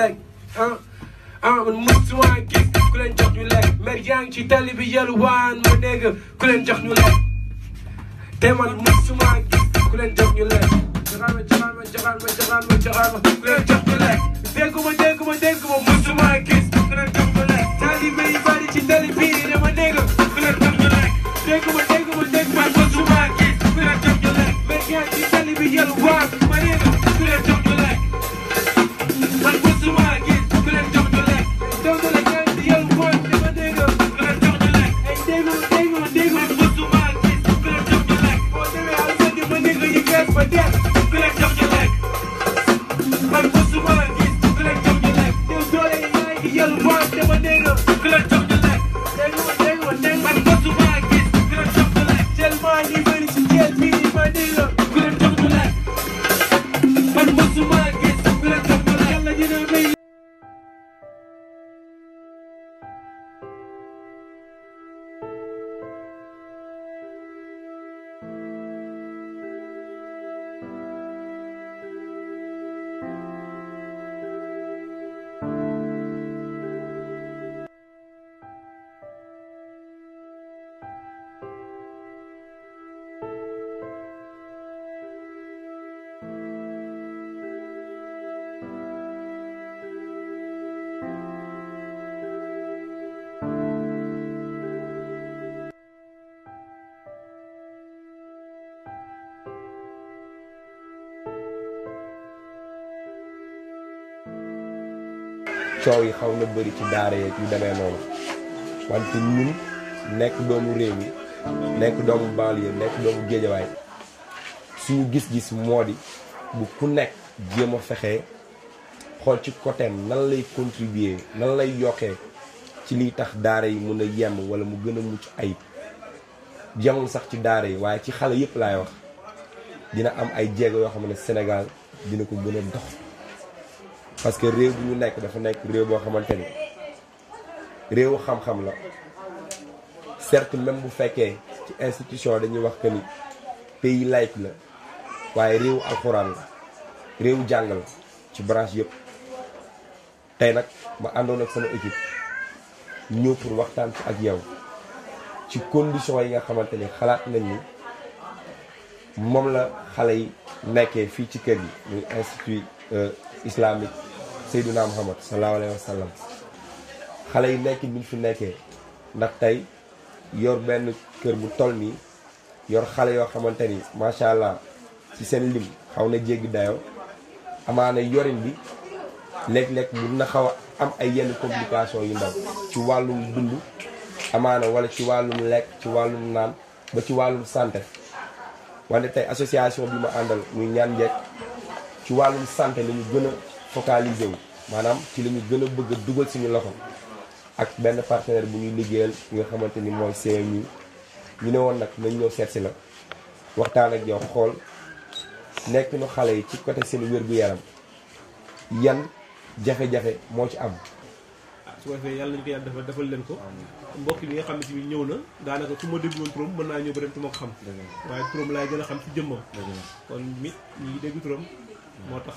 ah ah man musuwaan gis ku leen jox ñu lekk mer yaa ngi ci tali bi yalwaan ma dégg ku leen jox ñu lekk te man musuwaan gis ku leen jox ñu lekk joxaan ma joxaan ma joxaan ma joxaan ma joxaan ma ku leen jox ñu lekk dégguma dégguma dégguma musuwaan gis ku leen jox ñu lekk tali bi bari ci tali bi dama dégg coow yi xaw na bari ci daara yeeg yu demee noonu wante ñun nekk doomu réew mi nekk doomu banlieue nekk doomu géejawaay suñu gis-gis moo di bu ku nekk jéem fexee xool ci côté nan lay contribuer nan lay yokkee ci liy tax daara yi mën a yemb wala mu gën a mucc ayib jamul sax ci daara yi waaye ci xale yëpp laay wax dina am ay jéego yoo xam ne Sénégal dina ko gën dox. parce que réew bu ñu nekk dafa nekk réew boo xamante ni réewu xam-xam la certes même bu fekkee ci institution dañuy wax que ni pays laïque la waaye réew alxuraan la réewu jàng la ci branche yëpp tey nag ma àndoon ak sama équipe ñëw pour waxtaan ci ak yow ci condition yi nga xamante ni xalaat nañ ni moom la xale yi nekkee fii ci kër gi muy institut euh, islamique Seydina Muhammad sallallahu alayhi wa sallam xale yi nekk biñ fi nekkee ndax tey yor benn kër bu toll nii yor xale yoo xamante ni macha allah ci seen lim xaw na jéggi dayoo amaana yorin bi léeg-léeg mun na xaw a am ay yenn complication yu ndaw ci wàllum dund amaana wala ci wàllum lekk ci wàllum naan ba ci wàllum santé wante tey association bi ma àndal muy ñaan njekk ci wàllum santé la ñu gën focaliser wu maanaam ci la ñu gën a bëgg a dugal suñu loxo ak benn partenaire bu ñuy liggéeyal nga xamante ni mooy CMU ñu ne woon nag nañ ñëw seet si la waxtaan ak yow xool nekk nu xale yi ci côté seen wér-gu-yaram yan jafe-jafe moo ci am. Ah, su ko defee yàlla nañu ko yàlla defal leen ko mbokk mi nga xam ne si ñëw na daanaka su ma déglu woon mën naa ñëw ba dem tu ma ko xam waaye turam laay gën a xam ci jëmmam kon mit ñi dégg turam moo tax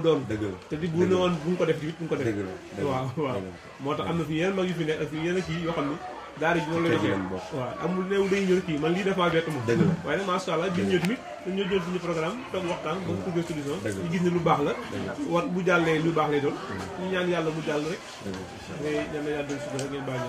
mu doon te di bu ne woon bu ñu ko def bu ñu ko def waaw waaw moo tax am na fi yeneen mag yu fi nekk ak yeneen kii yoo xam ni daara ji moom la defee waaw kii man lii dafa bett moom waaye nag macha allah bi ñëw tamit dañ ñoo jël suñu programme toog waxtaan ba trouver lu baax la war bu jàllee lu baax lay doon ñu ñaan yàlla mu jàll rek ngay ñaan yàlla doon suba rek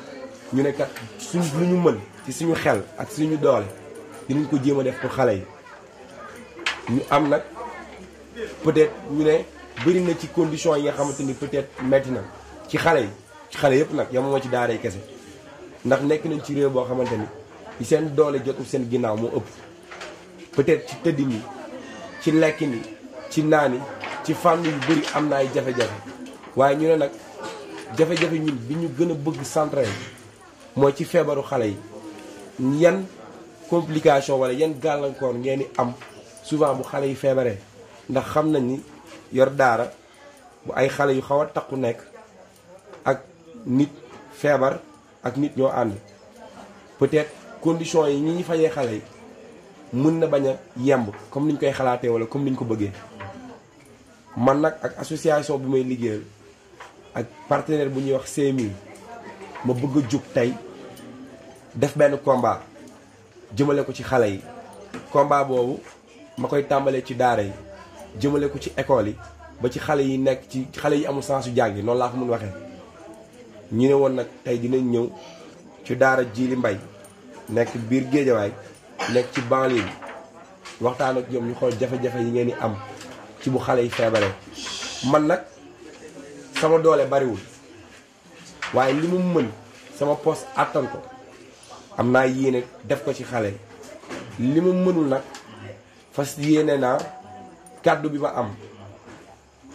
ñu ne kat suñ lu ñu mën ci suñu xel ak suñu doole dinañ ko jéem a def ko xale yi ñu am nag peut-être ñu ne bëri na ci conditions yi nga xamante ni peut-être metti ci xale yi xale yëpp nag yamuma ci daaray kese ndax nekk nañ ci réew boo xamante ni seen doole jotul seen ginnaaw moo ëpp peut-être ci tëddin yi ci lekkin ni ci naan yi ci fànn yu bëri am na ay jafe-jafe waaye ñu ne nag jafe-jafe ñun bi ñu gën a bëgg yi mooy ci feebaru xale yi yan complication wala yan gàllankoor ngeen di am souvent bu xale yi feebaree ndax xam nañ ni yor daara bu ay xale yu xaw a takku nekk ak nit feebar ak nit ñoo ànd peut-être conditions yi ñi ñu fajee xale yi mën na bañ a yemb comme ni ñu koy xalaatee wala comme niñ ko bëggee man nag ak association bu may liggéeyal ak partenaire bu ñuy wax CMU ma bëgg a jóg tey def benn combat jëmale ko ci xale yi combat boobu ma koy tàmbalee ci daara yi jëmale ko ci école yi ba ci xale yi nekk ci xale yi amul sens yu jàng noonu laa ko mun waxee ñu ne woon nag tey dinañ ñëw ci daara Djily mbay nekk biir Géejawaay nekk ci banlieue yi waxtaan ak ñoom ñu xool jafe-jafe yi ngeen di am ci bu xale yi feebaree man nag sama doole bariwul waaye li mu mën sama poste attan ko am naa yéene def ko ci xale yi li mu mënul nag fas yéene naa kàddu bi ma am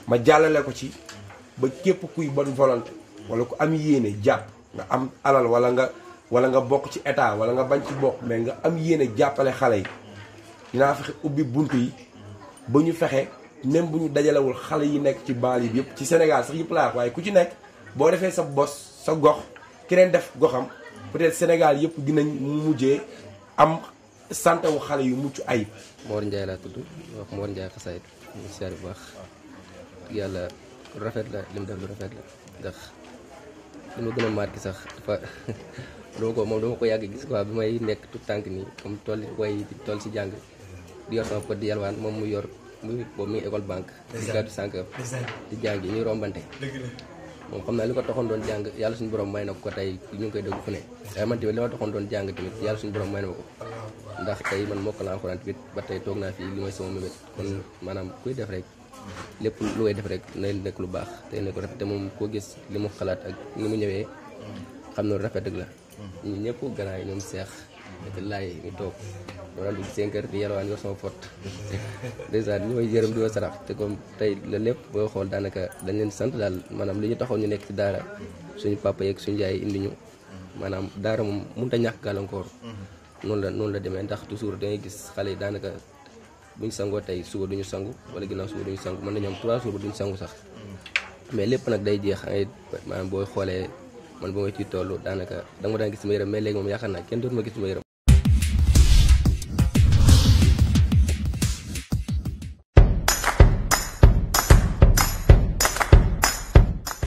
ma jàllale ko ci ba képp kuy bonne volonté wala ku am yéene jàpp nga am alal wala nga wala nga bokk ci état wala nga bañ ci bokk mais nga am yéene jàppale xale yi dinaa fexe ubbi bunt yi ba ñu fexe même bu ñu dajalewul xale yi nekk ci baal yi yëpp ci Sénégal sax yëpp laa waaye ku ci nekk boo defee sa bos sa gox keneen def goxam peut-être Sénégal yëpp dinañ mujjee am santé xale yu mucc ayib. Mor Ndiaye laa tudd wax Mor wax mu siyaar bu yàlla rafet la li lu la ndax li ma gën a marqué sax dafa dama ko moom dama ko yàgg gis quoi bi may nekk tout tànk nii comme tool yi koy tool si jàng di yor sama pot di yalwaan moom mu yor mu boobu muy école banque. di gàddu sànq di jàngi ñuy rombante. moom xam naa li ko toxoon doon jàng yàlla suñu borom may na ko tey ñu ngi koy dégg fu ne waaye man tamit li ma taxoon doon jàng tamit yàlla suñu borom may na ko ndax tey man mokk naa alxuraan tamit ba tey toog naa fii li mooy sama mébét kon maanaam kuy def rek lépp lu koy def rek na nekk lu baax te nekk rafet te moom koo gis li mu xalaat ak ni mu ñëwee xam na rafet dëgg la ñu ñëpp ganaay ñoom seex te laay toog doo daan dugg seen kër di yalwaan yor sama pot dèjà ñu may yërëm di ma tey la lépp boo xool daanaka dañ leen sant daal maanaam li ñu taxoon ñu nekk ci daara suñu papa yeeg suñu yaay indi ñu maanaam daara moom mun ta ñax gàllankoor noonu la noonu la demee ndax toujours dangay gis xale yi daanaka buñ sangoo tey suba duñu sangu wala ginnaaw suba duñu sangu mën nañu am trois jours ba duñu sangu sax mais lépp nag day jeex ay maanaam booy xoolee man ba ma ciy toll daanaka danga daan gis ma yërëm mais léegi moom yaakaar